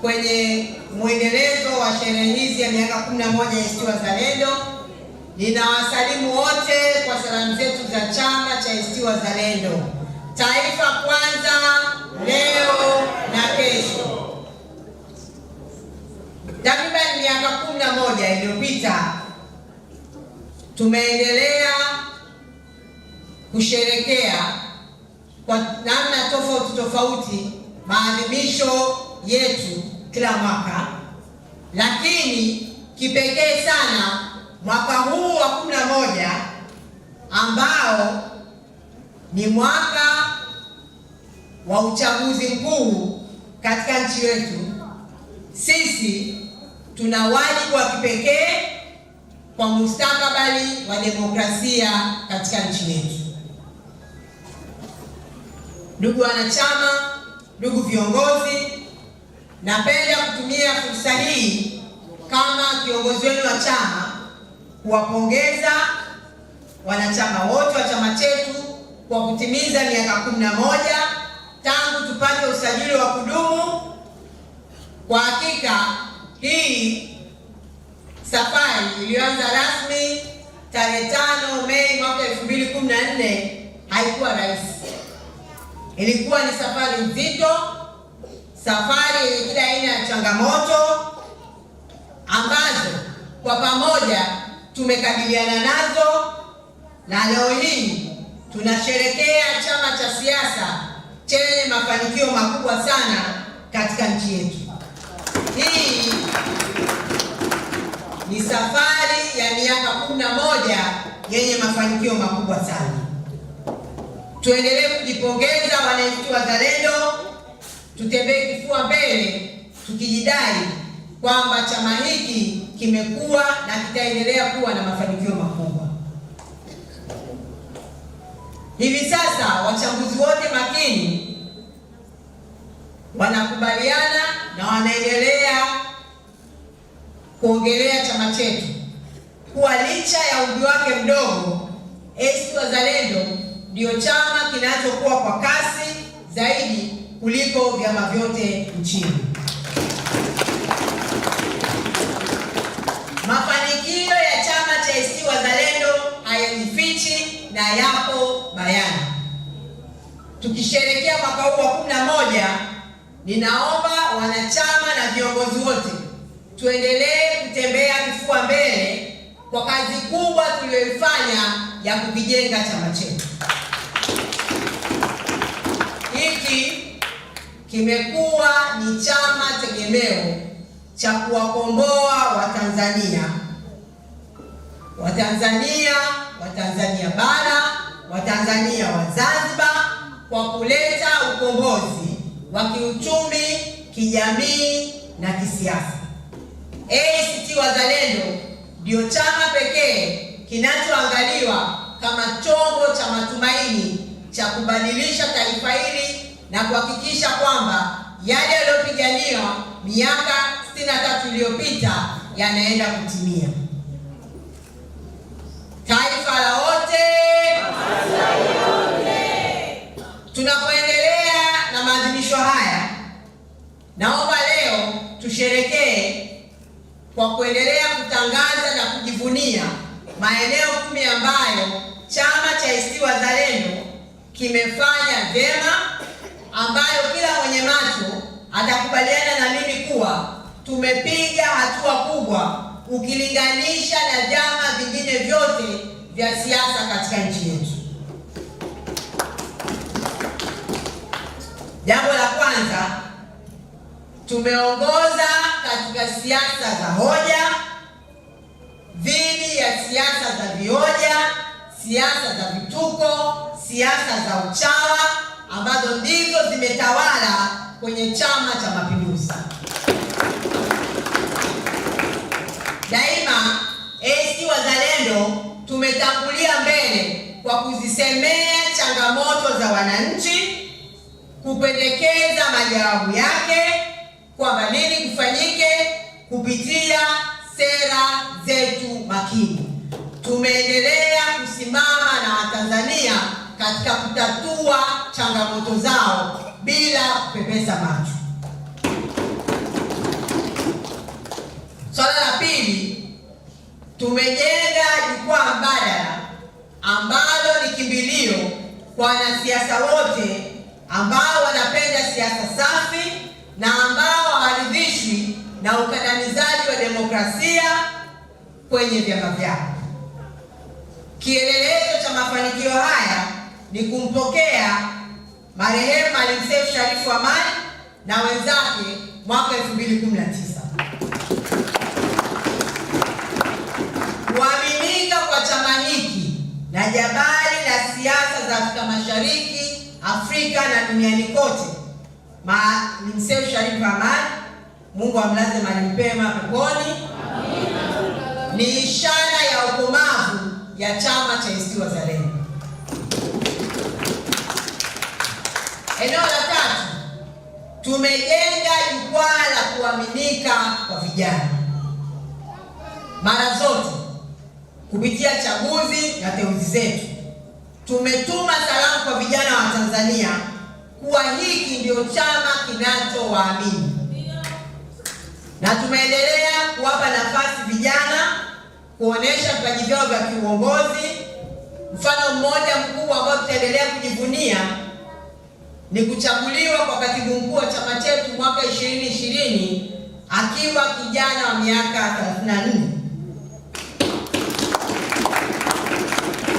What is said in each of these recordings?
kwenye mwendelezo wa sherehe hizi ya miaka 11 ya ACT Wazalendo. Ninawasalimu wote kwa salamu zetu za chama cha ACT Wazalendo, taifa kwanza, leo na kesho. Takriban miaka 11 iliyopita tumeendelea kusherekea kwa namna tofauti tofauti maadhimisho yetu kila mwaka, lakini kipekee sana mwaka huu wa kumi na moja ambao ni mwaka wa uchaguzi mkuu katika nchi yetu, sisi tuna wajibu wa kipekee kwa mustakabali wa demokrasia katika nchi yetu. Ndugu wanachama, ndugu viongozi Napenda kutumia fursa hii kama kiongozi wenu wa chama kuwapongeza wanachama wote wa chama chetu kwa kutimiza miaka kumi na moja tangu tupate usajili wa kudumu. Kwa hakika hii safari iliyoanza rasmi tarehe tano Mei mwaka elfu mbili kumi na nne haikuwa rahisi, ilikuwa ni safari nzito safari yenye kila aina ya changamoto ambazo kwa pamoja tumekabiliana nazo, na leo hii tunasherekea chama cha siasa chenye mafanikio makubwa sana katika nchi yetu. Hii ni safari ya miaka kumi na moja yenye mafanikio makubwa sana. Tuendelee kujipongeza wananchi wazalendo tutembee kifua mbele tukijidai kwamba chama hiki kimekuwa na kitaendelea kuwa na mafanikio makubwa. Hivi sasa wachambuzi wote makini wanakubaliana na wanaendelea kuongelea chama chetu kuwa licha ya umri wake mdogo, ACT Wazalendo ndio chama kinachokuwa kwa kasi zaidi kuliko vyama vyote nchini. Mafanikio ya chama cha ACT Wazalendo hayajifichi na yapo bayana. Tukisherehekea mwaka huu wa 11, ninaomba wanachama na viongozi wote tuendelee kutembea kifua mbele kwa kazi kubwa tuliyoifanya ya kukijenga chama chetu hiki kimekuwa ni chama tegemeo cha kuwakomboa Watanzania, Watanzania Watanzania bara, Watanzania wa Zanzibar kwa kuleta ukombozi wa kiuchumi, kijamii na kisiasa. ACT Wazalendo ndio chama pekee kinachoangaliwa kama chombo cha matumaini cha kubadilisha taifa hili na kuhakikisha kwamba yale yaliyopiganiwa miaka 63 iliyopita yanaenda kutimia. Taifa la wote. Tunapoendelea na maadhimisho haya, naomba leo tusherekee kwa kuendelea kutangaza na kujivunia maeneo kumi ambayo Chama cha ACT Wazalendo kimefanya vyema ambayo kila mwenye macho atakubaliana na mimi kuwa tumepiga hatua kubwa ukilinganisha na vyama vingine vyote vya siasa katika nchi yetu. Jambo la kwanza, tumeongoza katika siasa za hoja dhidi ya siasa za vioja, siasa za vituko, siasa za uchawa ambazo ndizo zimetawala kwenye Chama cha Mapinduzi. Daima ACT Wazalendo tumetangulia mbele kwa kuzisemea changamoto za wananchi, kupendekeza majawabu yake kwamba nini kufanyike kupitia sera zetu makini. Tumeendelea kusimama na Watanzania katika kutatua changamoto zao bila kupepesa macho. Swala la pili, tumejenga jukwaa mbadala ambalo ni kimbilio kwa wanasiasa wote ambao wanapenda siasa safi na ambao hawaridhishwi na ukandamizaji wa demokrasia kwenye vyama vyao. Kielelezo cha mafanikio haya ni kumpokea Marehemu Maalim Seif Sharifu Amani na wenzake mwaka 2019. Kuaminika kwa chama hiki na jabali la siasa za Afrika Mashariki, Afrika na duniani kote, Maalim Seif Sharifu Amani, Mungu amlaze mahali pema peponi, ni ishara ya ukomavu ya chama cha ACT Wazalendo. Eneo la tatu, tumejenga jukwaa la kuaminika kwa vijana mara zote kupitia chaguzi na teuzi zetu. Tumetuma salamu kwa vijana wa Tanzania kuwa hiki ndio chama kinachowaamini na tumeendelea kuwapa nafasi vijana kuonesha vipaji vyao vya kiuongozi. Mfano mmoja mkubwa ambao tutaendelea kujivunia ni kuchaguliwa kwa katibu mkuu wa chama chetu mwaka 2020 akiwa kijana wa miaka 34.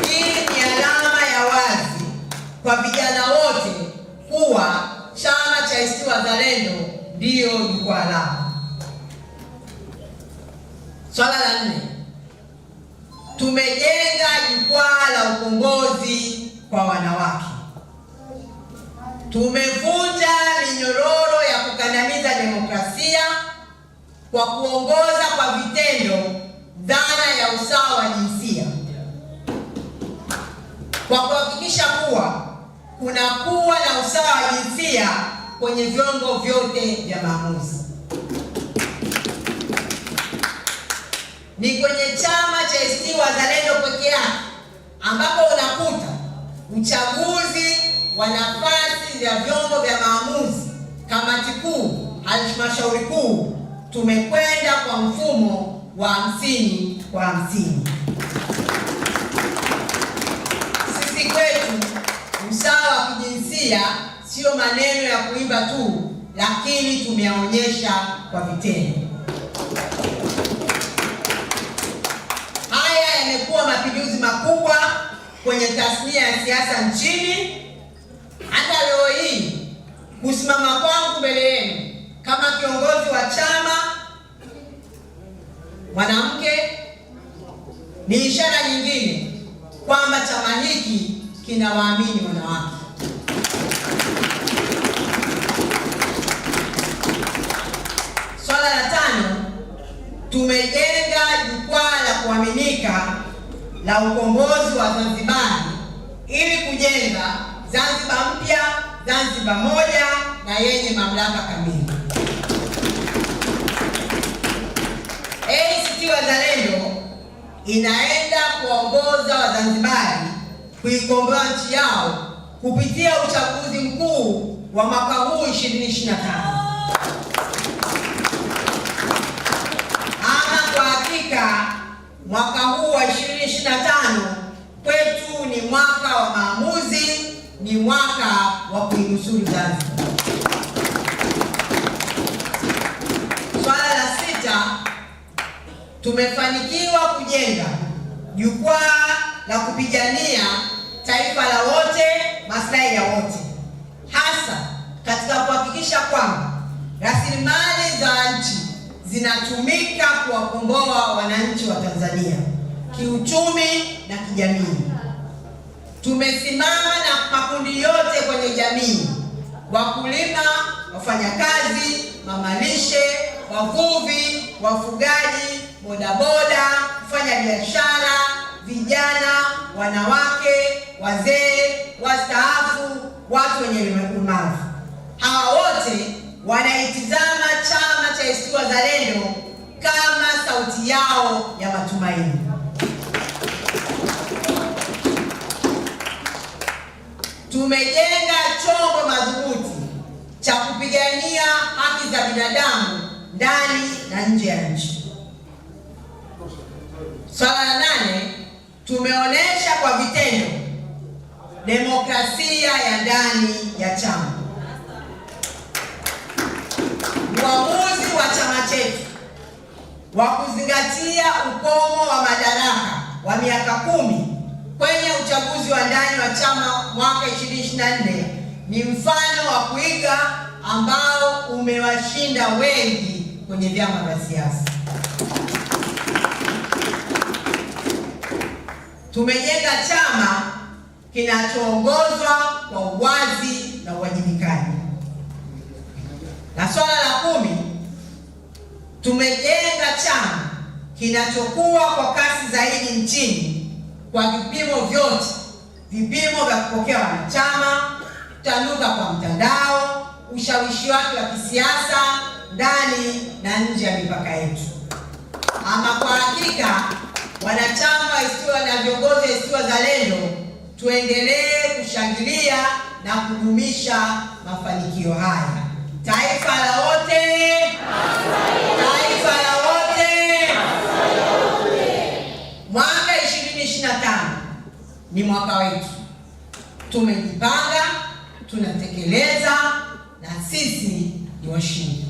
Hii ni alama ya wazi kwa vijana wote kuwa chama cha ACT Wazalendo ndiyo jukwaa lao. Swala la nne, tumejenga jukwaa la ukombozi kwa wanawake. Tumevunja minyororo ya kukandamiza demokrasia kwa kuongoza kwa vitendo dhana ya usawa wa jinsia kwa kuhakikisha kuwa kuna kuwa na usawa wa jinsia kwenye vyombo vyote vya maamuzi. Ni kwenye chama cha ACT Wazalendo zalendo yake ambapo unakuta uchaguzi wanafanya ya vyombo vya maamuzi, kamati kuu, halmashauri kuu, tumekwenda kwa mfumo wa hamsini kwa hamsini. Sisi kwetu usawa wa kijinsia sio maneno ya kuimba tu, lakini tumeyaonyesha kwa vitendo. Haya yamekuwa mapinduzi makubwa kwenye tasnia ya siasa nchini hata leo hii kusimama kwangu mbele yenu kama kiongozi wa chama mwanamke ni ishara nyingine kwamba chama hiki kinawaamini wanawake. Swala la tano, tumejenga jukwaa la kuaminika la ukombozi wa Zanzibar ili kujenga Zanzibar mpya, Zanzibar moja na yenye mamlaka kamili. ACT Wazalendo inaenda kuongoza Wazanzibari kuikomboa nchi yao kupitia uchaguzi mkuu wa mwaka huu 2025. Ama kwa hakika mwaka huu wa 2025 kwetu ni mwaka wa maamuzi ni mwaka wa kuinusuru Zanzibar. Swala la sita, tumefanikiwa kujenga jukwaa la kupigania taifa la wote, maslahi ya wote, hasa katika kuhakikisha kwamba rasilimali za nchi zinatumika kuwakomboa wananchi wa Tanzania kiuchumi na kijamii tumesimama na makundi yote kwenye jamii, wakulima, wafanyakazi, mamalishe, wavuvi, wafugaji, bodaboda, fanya biashara, vijana, wanawake, wazee, wastaafu, watu wenye ulemavu, hawa wote wanaitizama tumejenga chombo madhubuti cha kupigania haki za binadamu ndani na nje ya nchi. Swala la nane, tumeonyesha kwa vitendo demokrasia ya ndani ya chama. Uamuzi wa chama chetu wa kuzingatia ukomo wa madaraka wa miaka kumi kwenye uchaguzi wa ndani wa chama mwaka 2024 ni mfano wa kuiga ambao umewashinda wengi kwenye vyama vya siasa. Tumejenga chama kinachoongozwa kwa uwazi na uwajibikaji. Na swala la kumi, tumejenga chama kinachokuwa kwa kasi zaidi nchini kwa vipimo vyote, vipimo vya kupokea wanachama, tanuka kwa mtandao, ushawishi wake wa kisiasa ndani na nje ya mipaka yetu. Ama kwa hakika, wanachama wa na viongozi wa za Wazalendo, tuendelee kushangilia na kudumisha mafanikio haya. Taifa la wote, taifa la 2025 ni mwaka wetu, tumejipanga, tunatekeleza na sisi ni washindi.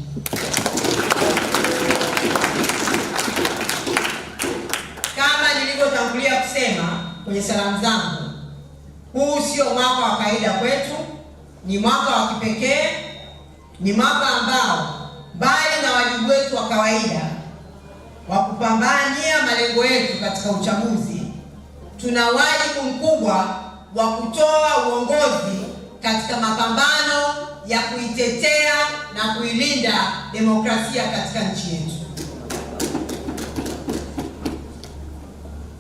Kama nilivyotangulia kusema kwenye salamu zangu, huu sio mwaka wa kawaida kwetu, ni mwaka wa kipekee, ni mwaka ambao mbali na wajibu wetu wa kawaida wa kupambania malengo yetu katika uchaguzi tuna wajibu mkubwa wa kutoa uongozi katika mapambano ya kuitetea na kuilinda demokrasia katika nchi yetu.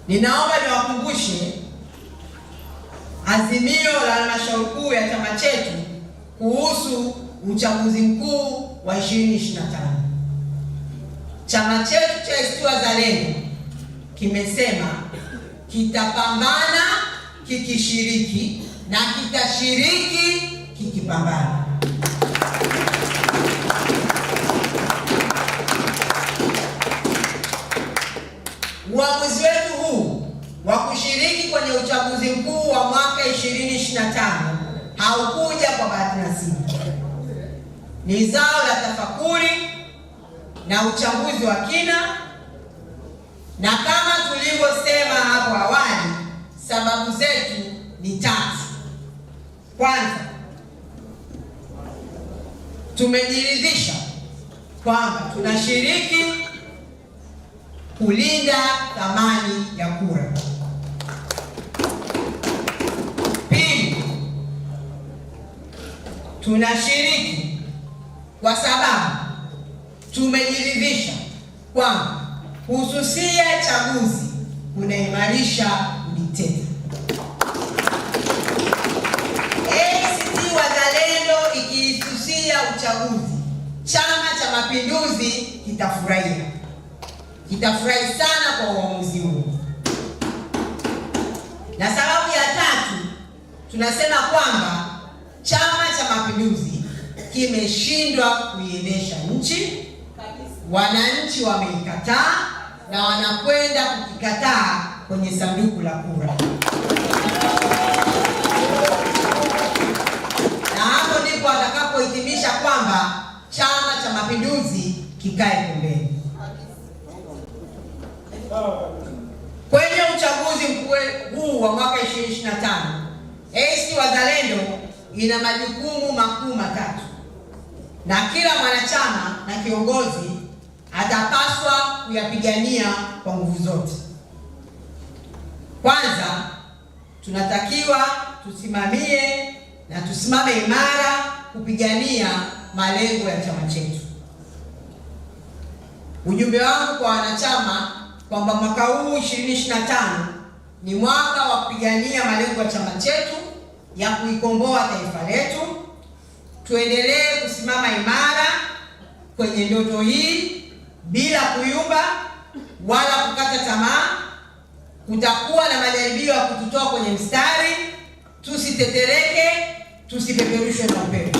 Ninaomba niwakumbushe azimio la halmashauri kuu ya chama chetu kuhusu uchaguzi mkuu wa 2025. Chama chetu cha ACT Wazalendo kimesema kitapambana kikishiriki na kitashiriki kikipambana. Uamuzi wetu huu wa kushiriki kwenye uchaguzi mkuu wa mwaka 2025 haukuja kwa bahati nasibu, ni zao la tafakuri na uchambuzi wa kina na kama tulivyosema hapo awali, sababu zetu ni tatu. Kwanza, tumejiridhisha kwamba tunashiriki kulinda thamani ya kura. Pili, tunashiriki kwa sababu tumejiridhisha kwamba kususia chaguzi kunaimarisha udikteta. ACT Wazalendo ikihususia uchaguzi, Chama cha Mapinduzi kitafurahia, kitafurahi sana kwa uamuzi huu. Na sababu ya tatu, tunasema kwamba Chama cha Mapinduzi kimeshindwa kuiendesha nchi, wananchi wameikataa na wanakwenda kukikataa kwenye sanduku la kura, na hapo ndipo atakapohitimisha kwamba Chama cha Mapinduzi kikae pembeni kwenye uchaguzi mkuu huu wa mwaka 2025. ACT Wazalendo ina majukumu makuu matatu, na kila mwanachama na kiongozi atapaswa kuyapigania kwa nguvu zote. Kwanza tunatakiwa tusimamie na tusimame imara kupigania malengo ya chama chetu. Ujumbe wangu kwa wanachama kwamba mwaka huu 2025 ni mwaka wa kupigania malengo ya chama chetu ya kuikomboa taifa letu. Tuendelee kusimama imara kwenye ndoto hii bila kuyumba wala kukata tamaa. Kutakuwa na majaribio ya kututoa kwenye mstari, tusitetereke, tusipeperushwe na upepo.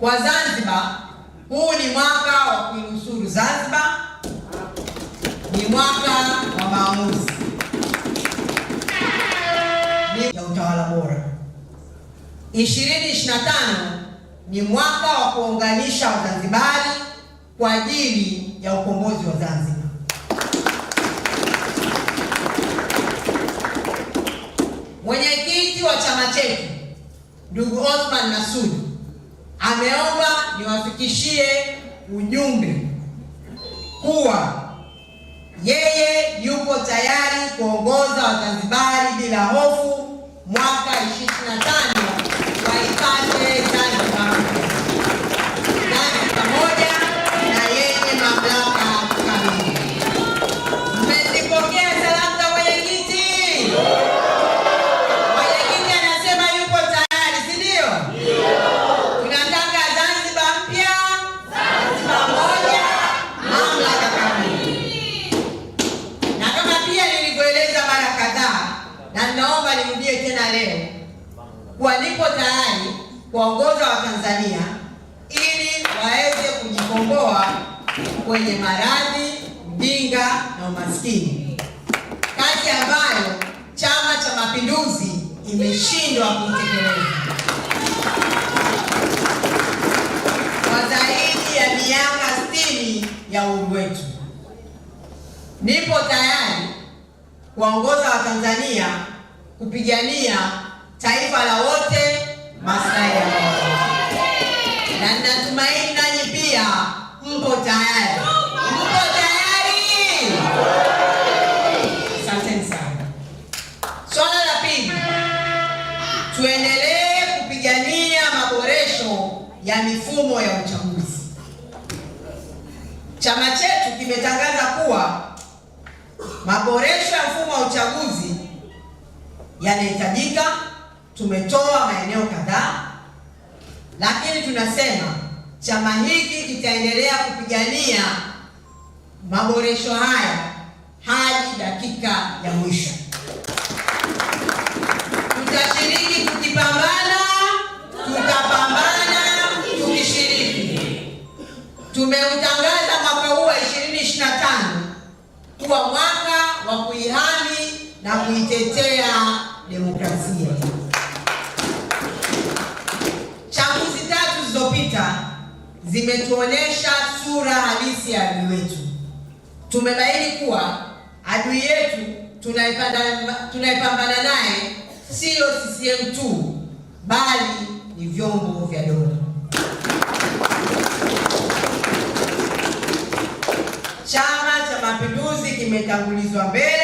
Kwa Zanzibar, huu ni mwaka wa kuinusuru Zanzibar, ni mwaka wa maamuzi ya utawala bora 2025 ni mwaka wa kuunganisha Wazanzibari kwa ajili ya ukombozi wa Zanzibar. Mwenyekiti wa chama chetu ndugu Othman Masud ameomba niwafikishie ujumbe kuwa yeye yuko tayari kuongoza Wazanzibari bila hofu mwaka 25 wa hifadhi leo walipo tayari kuwaongoza Watanzania ili waweze kujikomboa kwenye maradhi, ujinga na umaskini, kazi ambayo Chama cha Mapinduzi imeshindwa kutekeleza kwa zaidi ya miaka sitini ya uhuru wetu. Nipo tayari kuwaongoza Watanzania kupigania taifa la wote, maslahi ya wote, na natumaini nanyi pia mpo tayari, mpo tayari. sana. Swala la pili, tuendelee kupigania maboresho ya mifumo ya uchaguzi. Chama chetu kimetangaza kuwa maboresho ya mfumo wa uchaguzi yanahitajika. Tumetoa maeneo kadhaa, lakini tunasema chama hiki kitaendelea kupigania maboresho haya hadi dakika ya mwisho. Tutashiriki tukipambana, tutapambana tukishiriki. Tumeutangaza mwaka huu wa 2025 kuwa mwaka wa kuihami na kuitetea demokrasia. Chaguzi tatu zilizopita zimetuonesha sura halisi ya adui wetu. Tumebaini kuwa adui yetu tunayepambana naye siyo CCM tu, bali ni vyombo vya dola. Chama cha Mapinduzi kimetangulizwa mbele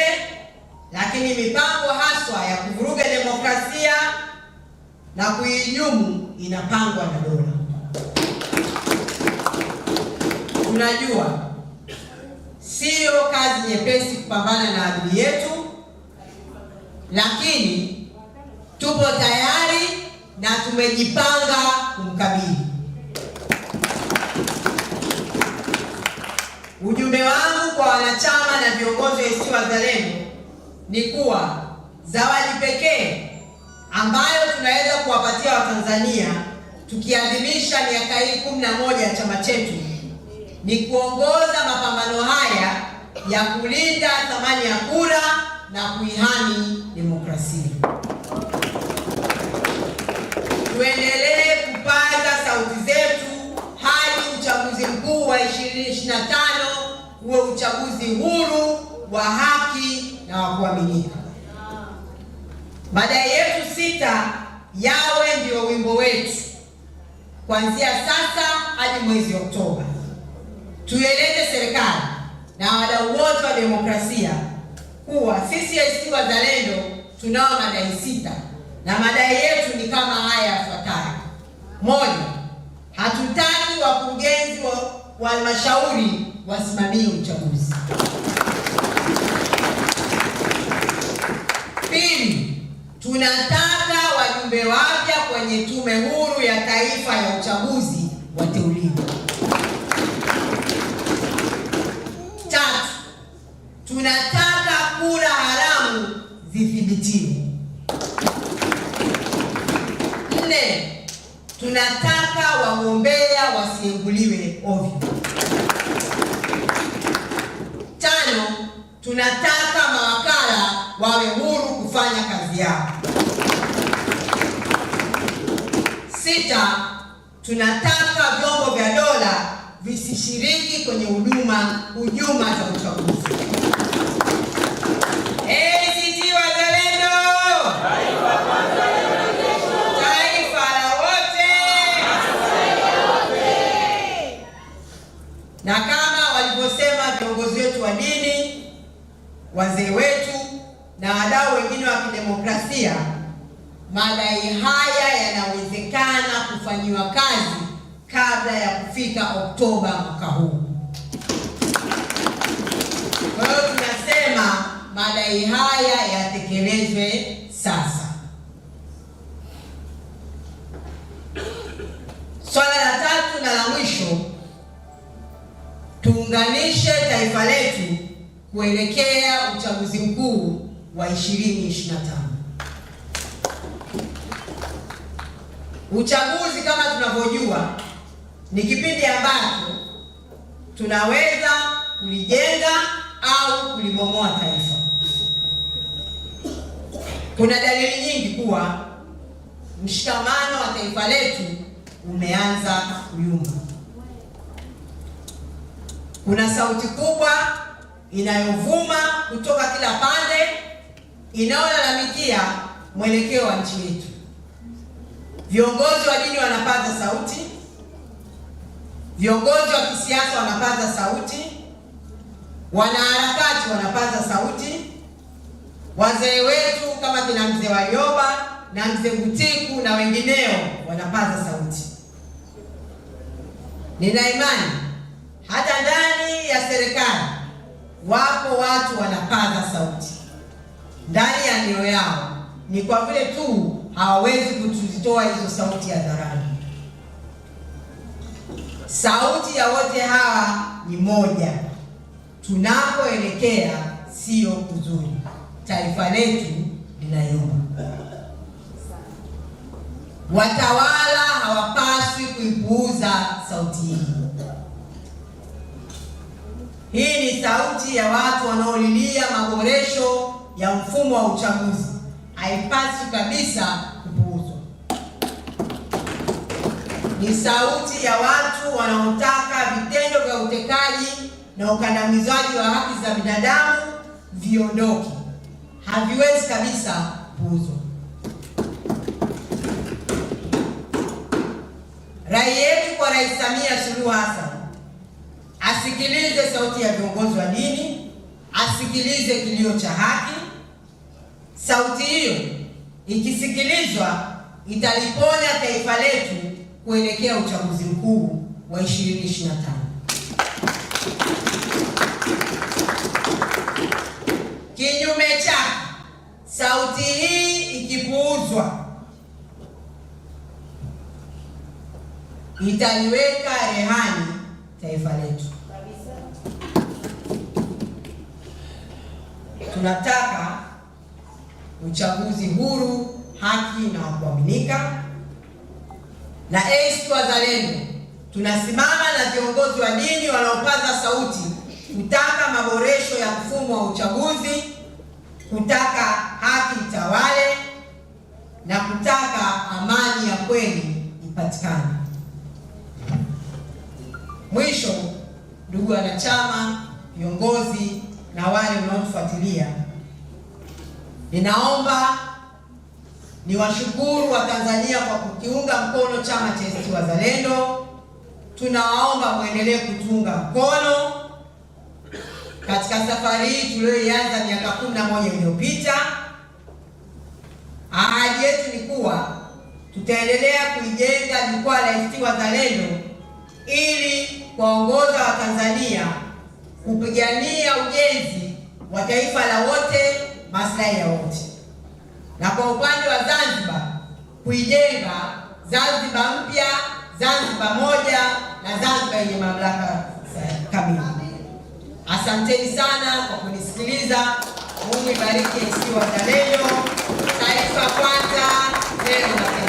lakini mipango haswa ya kuvuruga demokrasia na kuinyumu inapangwa na dola. Tunajua siyo kazi nyepesi kupambana na adui yetu, lakini tupo tayari na tumejipanga kumkabili. Ujumbe wangu kwa wanachama na viongozi wa ACT Wazalendo ni kuwa zawadi pekee ambayo tunaweza kuwapatia Watanzania tukiadhimisha miaka hii kumi na moja ya chama chetu ni kuongoza mapambano haya ya kulinda thamani ya kura na kuihami demokrasia. Tuendelee kupaza sauti zetu hadi uchaguzi mkuu wa 2025 uwe uchaguzi huru wa haki na wakuaminika. Madai yetu sita yawe ndio wimbo wetu kuanzia sasa hadi mwezi Oktoba. tueleze serikali na wadau wote wa demokrasia kuwa sisi ACT Wazalendo tunao madai sita na madai yetu ni kama haya yafuatayo: moja, hatutaki wakurugenzi wa halmashauri wasimamie uchaguzi. tunataka wajumbe wapya kwenye Tume Huru ya Taifa ya Uchaguzi wateuliwe. Tatu, tunataka kura haramu zithibitiwe. Nne, tunataka wagombea wasienguliwe ovyo. Tano, tunataka mawakala wawe huru kufanya kazi yao. Sita, tunataka vyombo vya dola visishiriki kwenye huduma hujuma za uchaguzi. ACT Wazalendo, taifa na kama walivyosema viongozi wetu wa dini, wazee wetu na wadau wengine wa kidemokrasia madai haya yanawezekana kufanyiwa kazi kabla ya kufika Oktoba mwaka huu. Kwa hiyo tunasema madai haya yatekelezwe sasa. Swala la tatu na la mwisho, tuunganishe taifa letu kuelekea uchaguzi mkuu wa 2025. Uchaguzi kama tunavyojua ni kipindi ambacho tunaweza kulijenga au kulibomoa taifa. Kuna dalili nyingi kuwa mshikamano wa taifa letu umeanza kuyumba. Kuna sauti kubwa inayovuma kutoka kila pande inayolalamikia mwelekeo wa nchi yetu. Viongozi wa dini wanapaza sauti, viongozi wa kisiasa wanapaza sauti, wanaharakati wanapaza sauti, wazee wetu kama kina mzee Warioba na mzee Butiku na wengineo wanapaza sauti. Nina imani hata ndani ya serikali wapo watu wanapaza sauti ndani ya mioyo yao, ni kwa vile tu hawawezi kutuzitoa hizo sauti ya hadharani. Sauti ya wote hawa ni moja, tunapoelekea sio kuzuri, taifa letu linayumba. Watawala hawapaswi kuipuuza sauti hii. Hii ni sauti ya watu wanaolilia maboresho ya mfumo wa uchaguzi haipaswi kabisa kupuuzwa. Ni sauti ya watu wanaotaka vitendo vya utekaji na ukandamizaji wa haki za binadamu viondoke, haviwezi kabisa kupuuzwa. Rai yetu kwa Rais Samia Suluhu Hassan asikilize sauti ya viongozi wa dini, asikilize kilio cha haki Sauti hiyo ikisikilizwa italiponya taifa letu kuelekea uchaguzi mkuu wa 2025. Kinyume chake, sauti hii ikipuuzwa italiweka rehani taifa letu. Tunataka uchaguzi huru, haki na wa kuaminika. Na ACT Wazalendo tunasimama na viongozi wa dini wanaopaza sauti kutaka maboresho ya mfumo wa uchaguzi, kutaka haki itawale na kutaka amani ya kweli ipatikane. Mwisho, ndugu wanachama, viongozi na wale mnaotufuatilia Ninaomba niwashukuru Watanzania kwa kukiunga mkono chama cha ACT Wazalendo. Tunawaomba mwendelee kutuunga mkono katika safari hii tuliyoianza miaka kumi na moja iliyopita. Ahadi yetu ni kuwa tutaendelea kuijenga jukwaa la ACT Wazalendo ili kuwaongoza Watanzania kupigania ujenzi wa taifa la wote maslahi ya wote, na kwa upande wa Zanzibar kuijenga Zanzibar mpya, Zanzibar moja na Zanzibar yenye mamlaka eh, kamili. Asanteni sana kwa kunisikiliza. Mungu ibariki ACT Wazalendo, taifa kwanza, leo